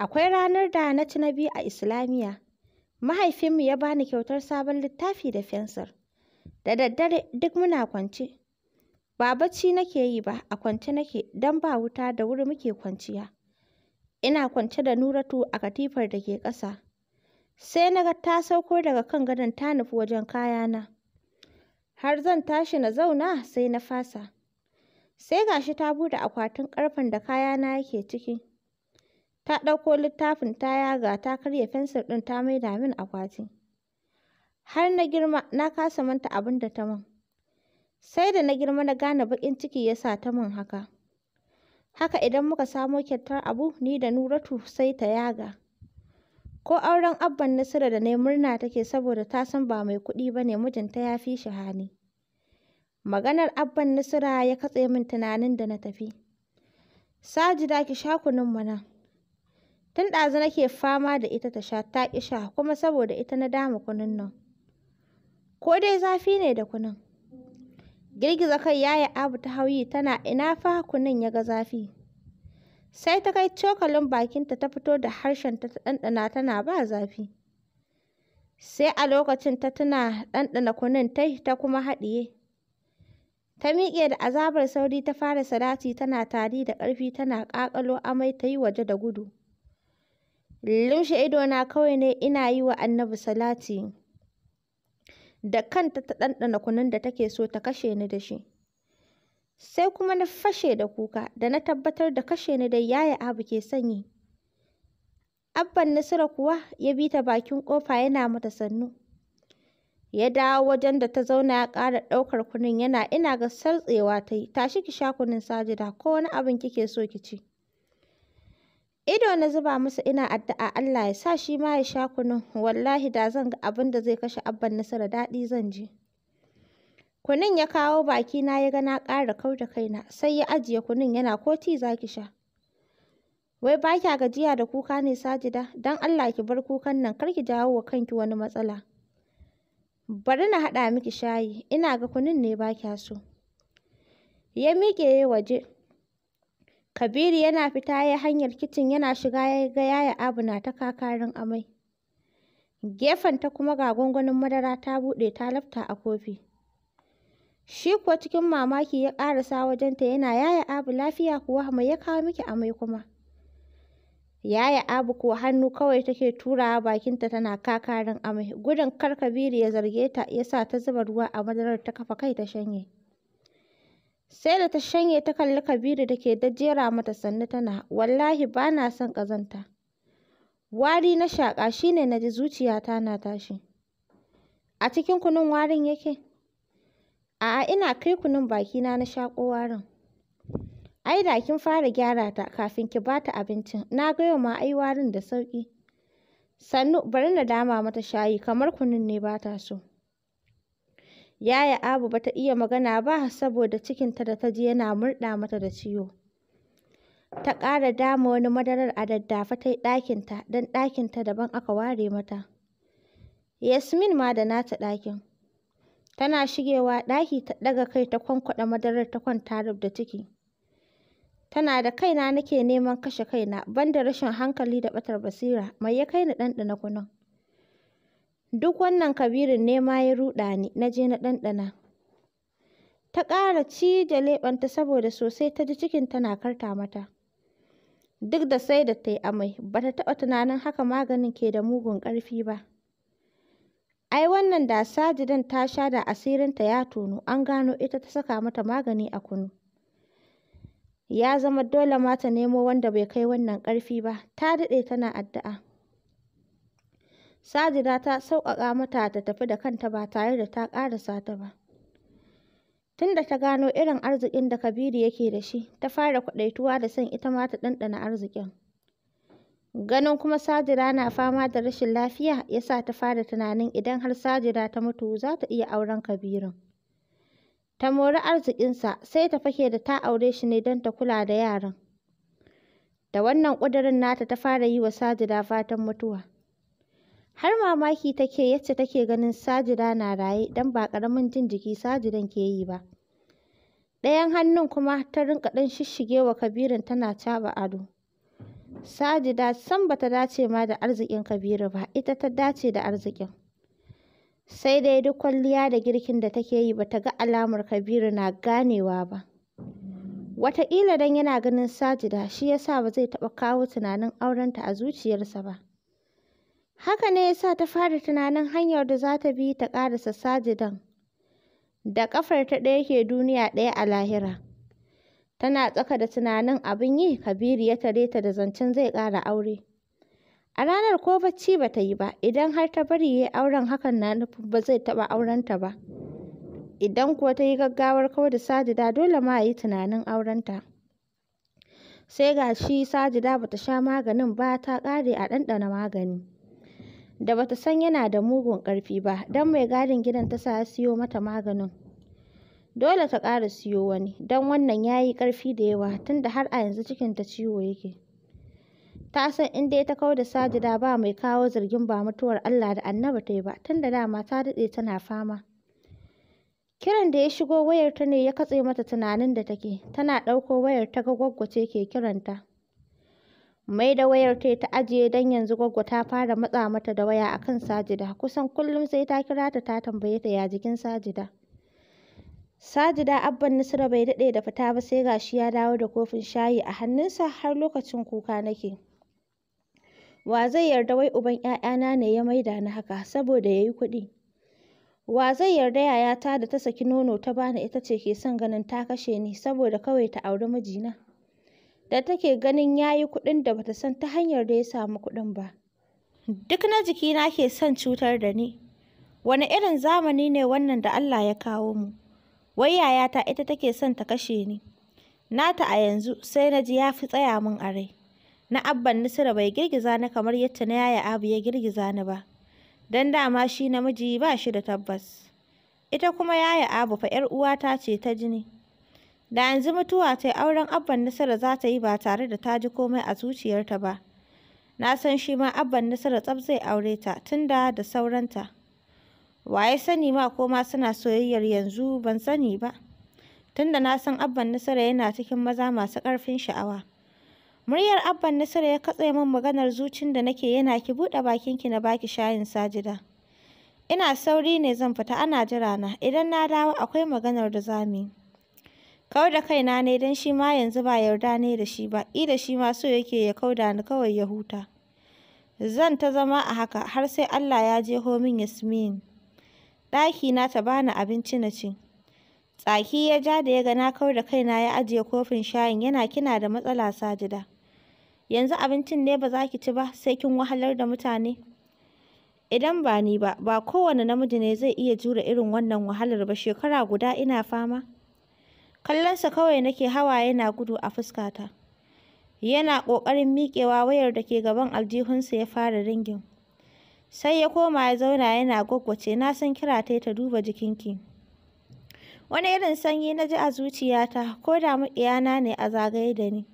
Akwai ranar da na ci na biyu a Islamiyya. Mahaifinmu ya bani kyautar sabon littafi da fensir. Da daddare duk muna kwance. Ba bacci nake yi ba, a kwance nake don ba wuta da wuri muke kwanciya. Ina kwance da Nuratu a katifar da ke ƙasa. Sai na ga ta sauko daga kan gadon ta nufi wajen kayana. Har zan tashi na zauna sai na fasa. Sai gashi ta bude akwatin ƙarfen da kayana yake ciki. Ta ɗauko littafin ta yaga ta karya fensir ɗin ta maida min akwati. Har na girma na kasa manta abin da ta min. Sai da na girma na gane baƙin ciki ya sa ta min haka. Haka idan muka samo kyautar abu ni da Nuratu sai ta yaga. Ko auren abban Nasiru da na murna take saboda ta san ba mai kuɗi ba ne mijinta ya fi shi hali. Maganar abban Nasiru ya katse min tunanin da na tafi. Sajida ki sha kunun mana. Tun ɗazu nake fama da ita ta sha ta ƙi kuma saboda ita na dama kunun nan. Ko dai zafi ne da kunun. Girgiza kai yaya Abu ta hauyi tana ina fa kunun ya ga zafi. Sai ta kai cokalin bakinta ta fito da harshen ta ɗanɗana tana ba zafi. Sai a lokacin ta tuna ɗanɗana kunun tai ta kuma haɗiye. Ta miƙe da azabar sauri ta fara salati tana tari da ƙarfi tana ƙaƙalo amai ta yi waje da gudu. Lumshe idona kawai ne ina yi wa Annabi salati, da kanta ta ɗanɗana kunun da take so ta kashe ni da shi. Sai kuma na fashe da kuka da na tabbatar da kashe ni da Yaya Abu ke sanyi. Abban nasira kuwa ya bi ta bakin ƙofa yana mata sannu. Ya dawo wajen da ta zauna ya ƙara ɗaukar kunun yana ina ga sartsewa ta yi, tashi ki sha kunun sajida ko wani abin kike so ki ci. Ido na zuba masa ina addu'a Allah ya sa shi ma ya sha kunun. Wallahi da zan ga abin da zai kashe abban Nasara daɗi zan je. Kunun ya kawo baki na ya ga na ƙara kau da kaina sai ya ajiye kunun yana ko ti za ki sha. Wai ba kya gajiya da kuka ne Sajida, don Allah ki bar kukan nan kar ki jawo wa kanki wani matsala. Bari na haɗa miki shayi, ina ga kunun ne ba kya so. Ya miƙe ya waje. Kabiru yana fita ya hanyar kicin yana shiga ya ga Yaya Abu na ta kakarin amai. Gefen ta kuma ga gwangwanin madara ta buɗe ta lafta a kofi. Shi kuwa cikin mamaki ya ƙarasa wajenta yana Yaya Abu lafiya kuwa mai ya kawo miki amai kuma. Yaya Abu kuwa hannu kawai take turawa bakinta tana kakarin amai. Gudun kar Kabiru ya zarge ta ya sa ta zuba ruwa a madarar ta kafa kai ta shanye. Sai da ta shanye ta kalli Kabiru da ke jera mata sannu tana, wallahi ba na son ƙazanta. Wari na shaƙa shi ne na ji zuciyata na tashi. A cikin kunun warin yake? A'a ina kai kunun bakina na shaƙo warin. Ai da kin fara gyara ta kafin ki ba ta abincin, na gaya ma ai warin da sauƙi. Sannu bari na dama mata shayi kamar kunun ne ba ta so. Yaya Abu ba ta iya magana ba saboda cikinta da ta ji yana murɗa mata da ciwo. Ta ƙara dama wani madarar a daddafa ta yi ɗakinta don ɗakinta daban aka ware mata. Yasmin ma da nata ɗakin. Tana shigewa ɗaki ta ɗaga kai ta kwankwaɗa madarar ta kwanta da ciki. Tana da kaina nake neman kashe kaina banda rashin hankali da ɓatar basira mai ya kai ni ɗanɗana kunun. Duk wannan Kabirin ne ma ya ruɗa ni, na je na ɗanɗana. Ta ƙara cije leɓenta saboda sosai ta ji cikin tana karta mata. Duk da sai da ta yi amai, ba ta taɓa tunanin haka maganin ke da mugun ƙarfi ba. Ai wannan da sajidan ta sha da asirinta ya tono, an gano ita ta saka mata magani a kunu. Ya zama dole ma ta nemo wanda bai kai wannan ƙarfi ba, ta daɗe tana addu'a. Sajira ta sauƙaƙa mata ta tafi da kanta ba tare da ta ƙarasa ta ba. Tunda ta gano irin arzikin da Kabiru yake da shi, ta fara kwaɗaituwa da son ita ma ta ɗanɗana arzikin. Ganin kuma Sajira na fama da rashin lafiya ya sa ta fara tunanin idan har Sajira ta mutu za ta iya auren Kabirun. Ta mori arzikinsa sai ta fake da ta aure shi ne don ta kula da yaran. Da wannan ƙudurin nata ta fara yi wa Sajira fatan mutuwa. har mamaki take yace take ganin sajida na raye don ba karamin jin jiki sajidan ke yi ba ɗayan hannun kuma ta rinka dan shishige wa kabirin tana caba ado sajida san bata dace ma da arzikin kabiru ba ita ta dace da arzikin sai dai duk kwalliya da girkin da take yi bata ga alamar kabiru na ganewa ba wataƙila dan yana ganin sajida shi yasa ba zai taɓa kawo tunanin aurenta a zuciyarsa ba Haka ne ya sa ta fara tunanin hanyar da za ta bi ta ƙarasa sajidan. Da ƙafar ta ɗaya ke duniya ɗaya a lahira. Tana tsaka da tunanin abin yi Kabiru ya tare ta da zancen zai ƙara aure. A ranar ko bacci ba ta yi ba, idan har ta bari ya auren hakan na nufin ba zai taɓa aurenta ba. Idan kuwa ta yi gaggawar kawo da sajida dole ma a yi tunanin aurenta. Sai ga shi sajida ba ta sha maganin ba ta kare a ɗanɗana magani. da bata san yana da mugun ƙarfi ba don mai gadin gidan ta sa siyo mata maganin dole ta ƙara siyo wani don wannan ya yi ƙarfi da yawa tunda har a yanzu cikin ta ciwo yake ta san in dai ta kawo da sajida ba mai kawo zargin ba mutuwar Allah da annaba ta yi ba tunda dama ta daɗe tana fama kiran da ya shigo wayar ta ne ya katse mata tunanin da take tana ɗauko wayar ta ga gwaggwace ke kiranta mai da wayar tai ta ajiye don yanzu gwaggo ta fara matsa mata da waya akan sajida kusan kullum sai ta kira ta ta tambaye ta ya jikin sajida sajida abban nusra bai daɗe da fita ba sai gashi ya dawo da kofin shayi a hannunsa har lokacin kuka nake wa zai yarda wai uban ƴaƴana ne ya maida ni haka saboda yayi kuɗi wa zai yarda yayata da ta saki nono ta bani ita ce ke son ganin ta kashe ni saboda kawai ta auri mijina da take ganin ya yi kuɗin da bata san ta hanyar da ya samu kuɗin ba. Duk na jikina ke son cutar da ni. Wani irin zamani ne wannan da Allah ya kawo mu? Wai yayata ita take son ta kashe ni. Nata a yanzu sai na ji ya fi tsaya min a rai. Na abban nisira bai girgiza ni kamar yadda na yaya Abu ya girgiza ni ba. Don dama shi namiji ba shi da tabbas. Ita kuma yaya Abu fa 'yar uwata ce ta jini. Da yanzu mutuwa ta yi auren Abban Nasara za ta yi ba tare da ta ji komai a zuciyarta ba. Na san shi ma Abban Nasara tsaf zai aure ta tun da da sauranta. Waye sani ma ko ma suna soyayyar yanzu ban sani ba. Tunda na san Abban Nasara yana cikin maza masu ƙarfin sha'awa. Muryar Abban Nasara ya katse min maganar zucin da nake yana ki buɗe ki na baki shayin sajida. Ina sauri ne zan fita ana jira na idan na dawo akwai maganar da za yi. Kawar da kaina na don shi ma yanzu ba yarda ne da shi ba, ƙila shi ma so yake ya kauda ni kawai ya huta. Zan ta zama a haka har sai Allah ya je homin Yasmin. Ɗakina ta bani abinci na ci. Tsaki ya ja da ya ga na kawar da kaina ya ajiye kofin shayin yana kina da matsala Sajida. Yanzu abincin ne ba za ki ci ba sai kin wahalar da mutane. Idan ba ni ba, ba kowane namiji ne zai iya jure irin wannan wahalar ba shekara guda ina fama. kallonsa kawai nake hawa yana gudu a fuskata yana ƙoƙarin miƙewa wayar da ke gaban aljihunsa ya fara ringin sai ya koma ya zauna yana gwaggwace na san kira ta ta duba jikinki wani irin sanyi na ji a zuciyata ko da iyana ne a zagaye da ni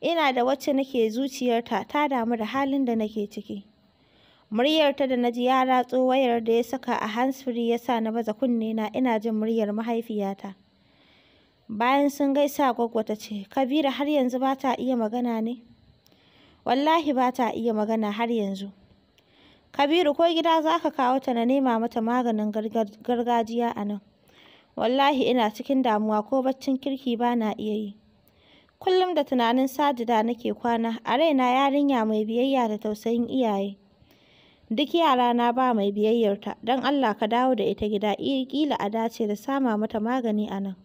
ina da wacce nake zuciyarta ta damu da halin da nake ciki muryarta da na ji ya ratso wayar da ya saka a hands-free ya sa na baza kunne na ina jin muryar mahaifiyata Bayan sun gaisa Gwaggo ta ce, Kabira har yanzu ba ta iya magana ne? Wallahi ba ta iya magana har yanzu. Kabiru ko gida za ka kawo ta na nema mata maganin gargajiya a nan. Wallahi ina cikin damuwa ko baccin kirki ba na iya yi. Kullum da tunanin sajida nake kwana, a raina yarinya mai biyayya da tausayin iyaye. Duk yarana ba mai biyayyarta, don Allah ka dawo da ita gida, ƙila a dace da sama mata magani a nan.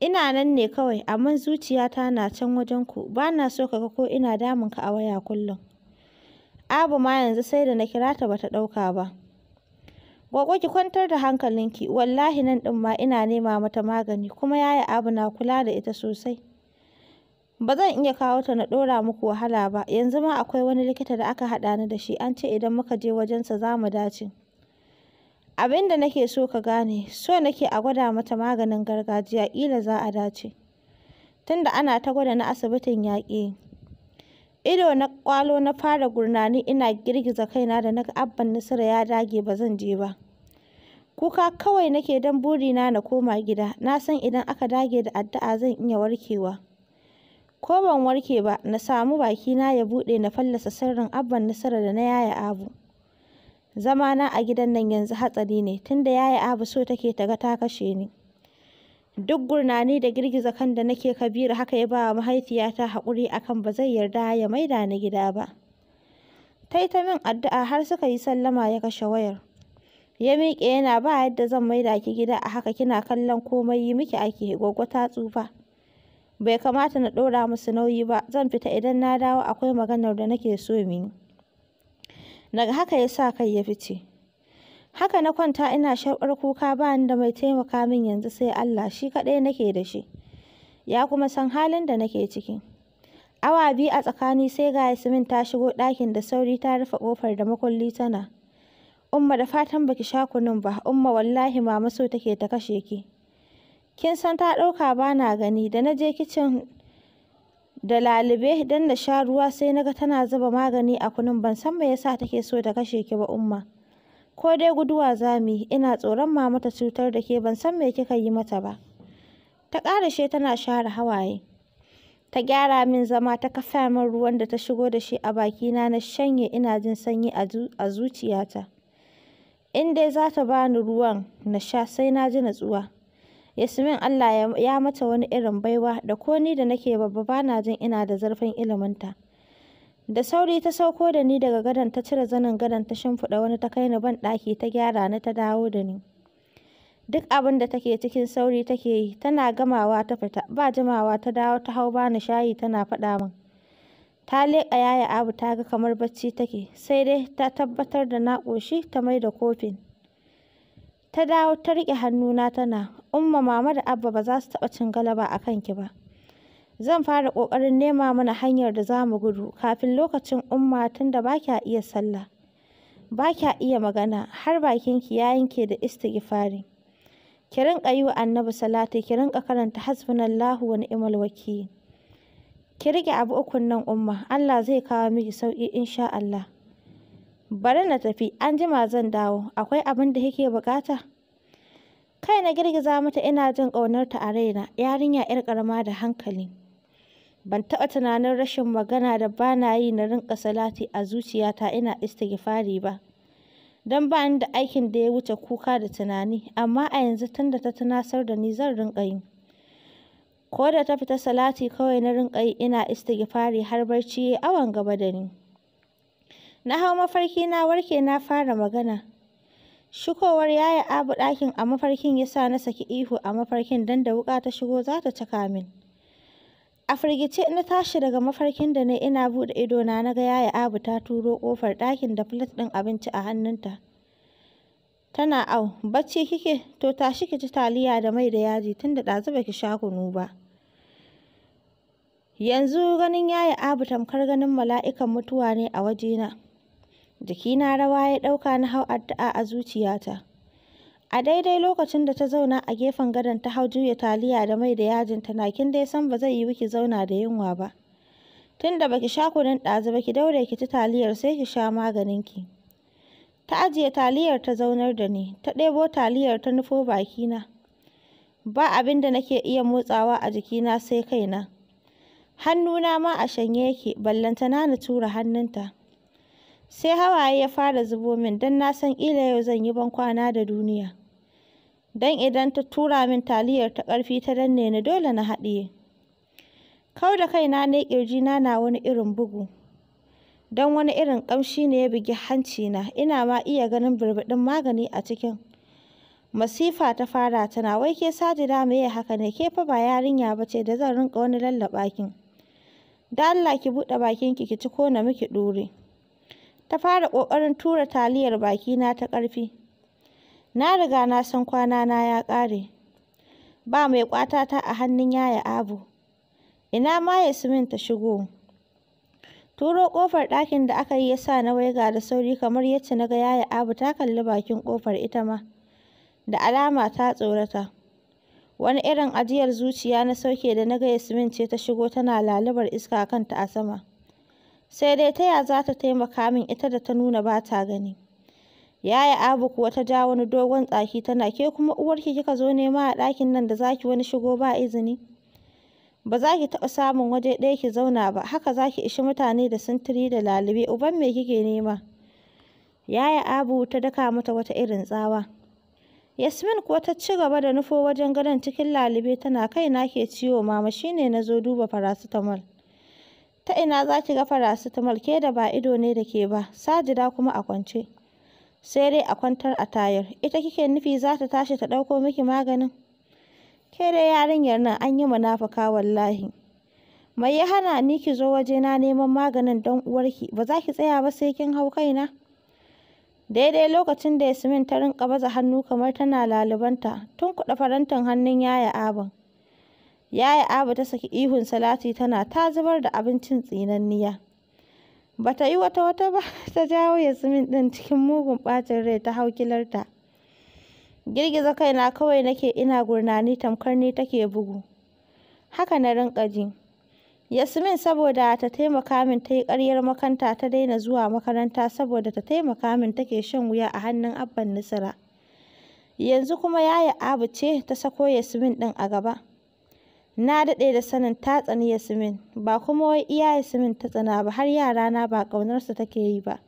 Ina nan ne kawai, amma zuciyata na can wajen ku. ba na so ka ga ko ina damun ka a waya kullum. Abu ma yanzu sai da na kira ta bata ta ɗauka ba. Gwaggo ki kwantar da hankalinki, wallahi nan ɗin ma ina nema mata magani, kuma yaya Abu na kula da ita sosai. Ba zan iya kawo ta na ɗora muku wahala ba, yanzu ma akwai wani likita da aka haɗa ni da shi, an ce idan muka je wajensa za mu dace. Abin da nake so ka gane, so nake a gwada mata maganin gargajiya ila za a dace. Tunda ana ta gwada na asibitin yaƙi. Ido na ƙwalo na fara gurnani ina girgiza kaina da na abban nasara ya dage ba zan je ba. Kuka kawai nake don burina na koma gida, na san idan aka dage da addu'a zan iya warkewa. Ko ban warke ba, na samu bakina ya buɗe na fallasa sirrin abban nasara da na yaya Abu. Zama na a gidan nan yanzu hatsari ne, tunda yaya Abu so take ta ga ta kashe ni. Duk gurnani da girgiza kan da nake Kabiru haka ya ba mahaifiyata haƙuri akan kan ba zai yarda ya maida ni gida ba. Ta yi ta min addu'a har suka yi sallama ya kashe wayar. Ya miƙe yana ba yadda zan maida ki gida a haka kina kallon komai yi miki ake gwaggo ta tsufa. Bai kamata na ɗora musu nauyi ba, zan fita idan na dawo akwai maganar da nake so mini daga haka ya sa kai ya fice haka na kwanta ina sharɓar kuka ba ni da mai taimaka min yanzu sai Allah shi kaɗai nake da shi ya kuma san halin da nake ciki awa biyu a tsakani sai ga Yasmin ta shigo ɗakin da sauri ta rufe ƙofar da makulli tana umma da fatan baki sha kunun ba umma wallahi mama so take ta kashe ki kin san ta ɗauka ba na gani da na je kicin da lalube don na sha ruwa sai naga tana zuba magani a kunun ban san me yasa take so ta kashe ki ba umma ko dai guduwa za ina tsoron mama ta cutar da ke ban san me kika yi mata ba ta ƙarashe tana share hawaye ta gyara min zama ta kafa min ruwan da ta shigo da shi a bakina na shanye ina jin sanyi a zuciyata in dai za ta bani ruwan na sha sai na ji natsuwa min Allah ya mata wani irin baiwa da ko ni da nake babba ba na jin ina da zarfin iliminta. Da sauri ta sauko da ni daga gadon ta cire zanin gadon ta shimfiɗa wani ta kai ni ban ɗaki ta gyara ni ta dawo da ni. Duk abin da take cikin sauri take yi tana gamawa ta fita ba jimawa ta dawo ta hau bani shayi tana faɗa min. Ta leƙa yaya abu ta ga kamar bacci take sai dai ta tabbatar da na ƙoshi ta mai da kofin. Ta dawo ta riƙe hannuna tana, Umma Mama da Abba ba za su taɓa cin galaba a kanki ba. Zan fara ƙoƙarin nema mana hanyar da za mu gudu kafin lokacin Umma tunda ba kya iya sallah. Ba kya iya magana har bakinki ya yanke da istighfari. Ki rinƙa yi wa Annabi salati ki rinƙa karanta hasbunallahu wa ni'mal wakil. Ki riƙe abu ukun nan Umma Allah zai kawo miki sauƙi insha Allah. bari na tafi an jima zan dawo akwai abin da kike bukata kai na girgiza mata ina jin ta a raina yarinya 'yar karama da hankali ban taɓa tunanin rashin magana da bana yi na rinka salati a zuciyata ina istighfari ba don ba da aikin da ya wuce kuka da tunani amma a yanzu tunda ta tunasar da ni zan rinƙa yi ko da ta fita salati kawai na rinƙa yi ina istighfari har barci awan awon gaba da ni Na hau mafarki na warke na fara magana. Shikowar yaya abu ɗakin a mafarkin ya sa na saki ihu a mafarkin don da wuƙa ta shigo za ta caka min. A firgice na tashi daga mafarkin da na ina buɗe idona na ga yaya abu ta turo ƙofar ɗakin da filet ɗin abinci a hannunta. Tana au, bacci kike, to tashi ki ci taliya da mai da yaji tun da ɗazu baki sha kunu ba. Yanzu ganin yaya abu tamkar ganin mala'ikan mutuwa ne a wajena. Jikina rawa ya ɗauka na hau addu'a a zuciyata. A daidai lokacin da ta zauna a gefen gadon ta hau juya taliya da mai da yajin nakin dai san ba zai yi wiki zauna da yunwa ba. Tun da baki sha kunun ɗazu baki daure ki ci taliyar sai ki sha maganin ki. Ta ajiye taliyar ta zaunar da ni, ta ɗebo taliyar ta nufo bakina. Ba abin da nake iya motsawa a jikina sai kaina. Hannuna ma a shanye yake, ballantana na tura hannunta. Sai hawaye ya fara zubo min don na san ƙila yau zan yi ban kwana da duniya. Don idan ta tura min taliyar ta ƙarfi ta danne ni dole na haɗiye. Kau da kaina ne ƙirjina na na wani irin bugu. Don wani irin ƙamshi ne ya bugi hanci na, ina ma iya ganin birbiɗin magani a cikin. Masifa ta fara tana wai ke saji da mai haka ne ke fa ba yarinya ba ce da zan rinka wani lallaɓakin Da Allah ki buɗe bakinki ki ci ko na miki ɗure. ta fara ƙoƙarin tura taliyar bakina ta ƙarfi. Na riga na san kwanana ya ƙare. Ba mai ta a hannun yaya Abu. Ina ma simin ta shigo. Turo ƙofar ɗakin da aka yi ya sa na waiga da sauri kamar yadda na ga yaya Abu ta kalli bakin ƙofar ita ma. Da alama ta tsorata. Wani irin ajiyar zuciya na sauke da na ga Yasmin ce ta shigo tana lalubar iska kanta a sama. sai dai ta ya za ta taimaka min ita da ta nuna ba ta gani yaya abu kuwa ta ja wani dogon tsaki tana ke kuma uwarki kika zo nema a ɗakin nan da zaki wani shigo ba izini ba za ki taɓa samun waje ɗaya ki zauna ba haka za ki ishi mutane da sintiri da lalube uban me kike nema yaya abu ta daka mata wata irin tsawa yasmin kuwa ta ci gaba da nufo wajen gadon cikin lalube tana kai na ke ciwo mama shine na zo duba farasitamol. ta ina za ki ga farasitamol ke da ba ido ne da ke ba sajida kuma a kwance sai dai a kwantar a tayar ita kike nufi za ta tashi ta ɗauko miki maganin ke dai yarinyar nan an yi munafuka wallahi mai ya hana ni ki zo wajena neman maganin don uwarki ba za ki tsaya ba sai kin hau kaina daidai lokacin da yasmin ta rinka baza hannu kamar tana lalubanta tun kuɗa farantin hannun yaya abin. Yaya Abu ta saki ihun Salati tana ta zubar da abincin tsinanniya. Ba ta yi wata wata ba ta jawo zumin ɗin cikin mugun bacin rai ta hau kilarta. Girgiza kaina kawai nake ina gurnani tamkar ni take bugu. Haka na rinka ji. Yasmin saboda ta taimaka min ta yi ƙaryar makanta ta daina zuwa makaranta saboda ta taimaka min take shan wuya a hannun abban Nisira. Yanzu kuma yaya Abu ce ta sako Yasmin ɗin a gaba. Na daɗe da sanin ta tsani Yasmin, ba kuma wai iya Yasmin ta tsana ba har yarana ba ƙaunarsa take yi ba.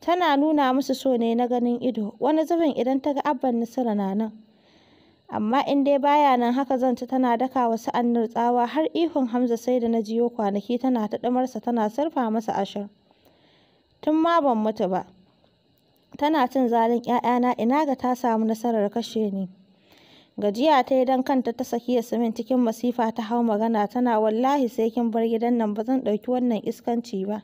Tana nuna musu so ne na ganin ido, wani zubin idan ta ga abban nasara na nan. Amma in dai baya nan haka zan ci tana daka wa sa'annar tsawa har ihun Hamza sai da na jiyo kwanaki tana ta ɗumarsa tana sarfa masa ashir. Tun ma ban mutu ba. Tana cin zalin 'ya'yana ina ga ta samu nasarar kashe ni. Gajiya ta yi don kanta ta saki Yasmin cikin masifa ta hau magana tana wallahi sai kin bar gidan nan ba zan ɗauki wannan iskanci ba.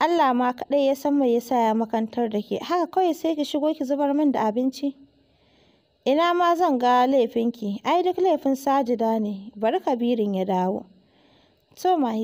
Allah ma kaɗai ya san mai yasa ya makantar da ke haka kawai sai ki shigo ki zubar min da abinci. Ina ma zan ga laifinki ai duk laifin sajida ne bari kabirin ya dawo. To